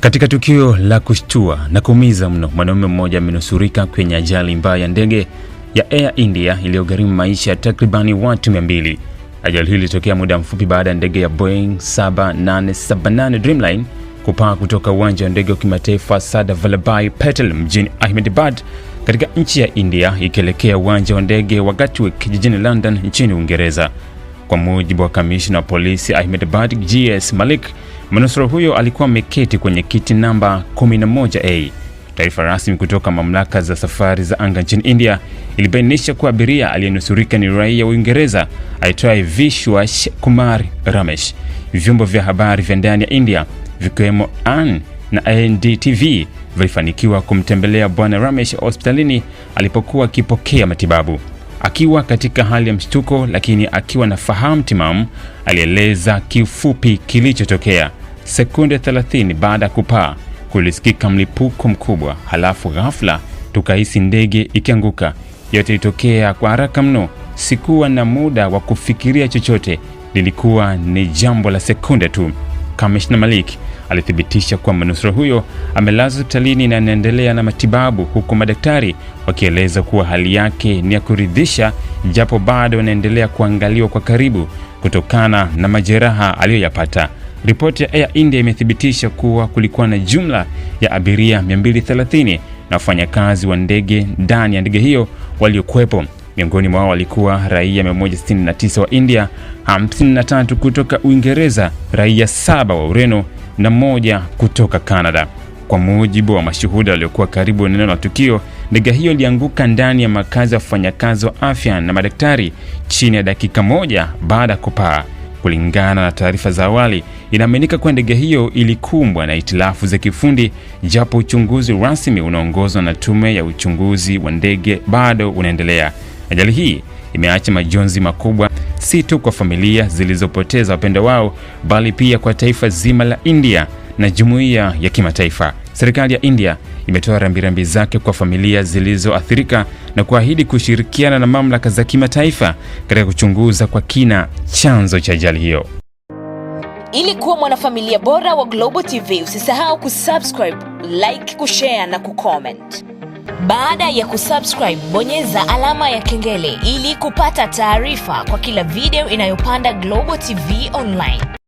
Katika tukio la kushtua na kuumiza mno, mwanaume mmoja amenusurika kwenye ajali mbaya ya ndege ya Air India iliyogharimu maisha ya takribani watu 200. Ajali hii ilitokea muda mfupi baada ya ndege ya Boeing 7878 Dreamliner kupaa kutoka uwanja wa ndege wa kimataifa Sardar Vallabhbhai Patel mjini Ahmedabad katika nchi ya India ikielekea uwanja wa ndege wa Gatwick jijini London nchini Uingereza. Kwa mujibu wa kamishna wa polisi Ahmedabad GS Malik Manusura huyo alikuwa ameketi kwenye kiti namba 11A. Taarifa rasmi kutoka mamlaka za safari za anga nchini India ilibainisha kuwa abiria aliyenusurika ni raia wa Uingereza aitwaye Vishwas Kumar Ramesh. Vyombo vya habari vya ndani ya India vikiwemo AN na NDTV vilifanikiwa kumtembelea Bwana Ramesh hospitalini alipokuwa akipokea matibabu. Akiwa katika hali ya mshtuko, lakini akiwa na fahamu timamu, alieleza kifupi kilichotokea. Sekunde 30 baada ya kupaa kulisikika mlipuko mkubwa, halafu ghafla tukahisi ndege ikianguka. Yote ilitokea kwa haraka mno, sikuwa na muda wa kufikiria chochote, lilikuwa ni jambo la sekunde tu. Kamishna Malik alithibitisha kuwa manusura huyo amelazwa hospitalini na anaendelea na matibabu, huku madaktari wakieleza kuwa hali yake ni ya kuridhisha, japo bado anaendelea kuangaliwa kwa karibu kutokana na majeraha aliyoyapata. Ripoti ya Air India imethibitisha kuwa kulikuwa na jumla ya abiria 230 na wafanyakazi wa ndege ndani ya ndege hiyo waliokuwepo. Miongoni mwao walikuwa raia 169 wa India, 53 kutoka Uingereza, raia saba wa Ureno na moja kutoka Canada. Kwa mujibu wa mashuhuda waliokuwa karibu eneo la tukio, ndege hiyo ilianguka ndani ya makazi ya wafanyakazi wa afya na madaktari chini ya dakika moja baada ya kupaa. Kulingana na taarifa za awali, inaaminika kuwa ndege hiyo ilikumbwa na itilafu za kifundi, japo uchunguzi rasmi unaongozwa na Tume ya Uchunguzi wa Ndege bado unaendelea. Ajali hii imeacha majonzi makubwa si tu kwa familia zilizopoteza wapendo wao, bali pia kwa taifa zima la India na jumuiya ya kimataifa. Serikali ya India imetoa rambirambi zake kwa familia zilizoathirika na kuahidi kushirikiana na mamlaka za kimataifa katika kuchunguza kwa kina chanzo cha ajali hiyo. Ili kuwa mwanafamilia bora wa Global TV, usisahau kusubscribe, like, kushare na kucomment. Baada ya kusubscribe, bonyeza alama ya kengele ili kupata taarifa kwa kila video inayopanda Global TV Online.